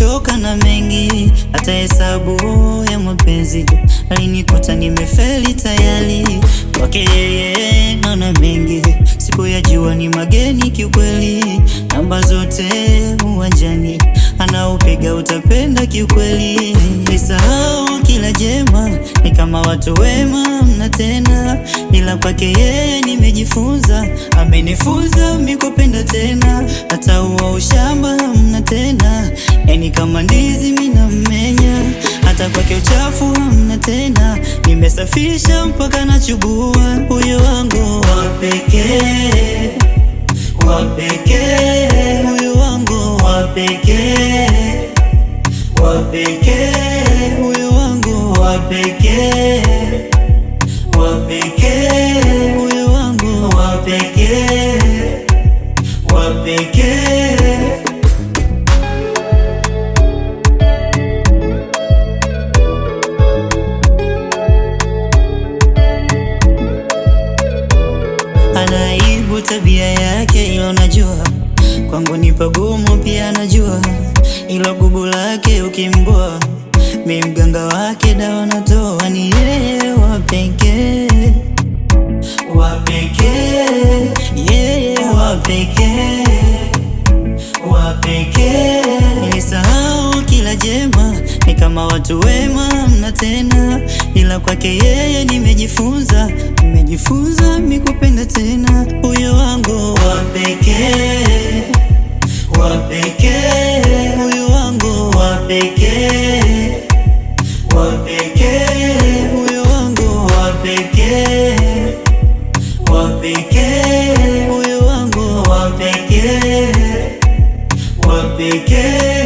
nimechoka na mengi, hata hesabu ya mapenzi alinikuta nimefeli tayari. Kwake yeye naona mengi, siku ya jua ni mageni kiukweli, namba zote uwanjani anaopiga utapenda kiukweli. Nisahau kila jema, ni kama watu wema mna tena, ila kwake yeye nimejifunza, amenifunza mikopenda tena, hata uwa ushamba uchafu hamna tena, nimesafisha mpaka nachubua. Huyo wangu wa pekee, wa pekee, huyo wangu wa pekee, wa pekee, huyo wangu wa pekee, wa pekee, huyo wangu wa pekee, wa pekee tabia yake, ilo najua kwangu ni pagumu, pia najua ilo gubu lake ukimboa, mi mganga wake, dawa natoa ni yeye wa pekee, wa pekee, yeye wa pekee, wa pekee. Nilisahau kila jema, ni kama watu wema mna tena, ila kwake yeye nimejifunza, nimejifunza mikupenda tena pekee, huyu wangu wa pekee, wa pekee, huyu wangu wa pekee, wa pekee, huyu wangu wa pekee, wa pekee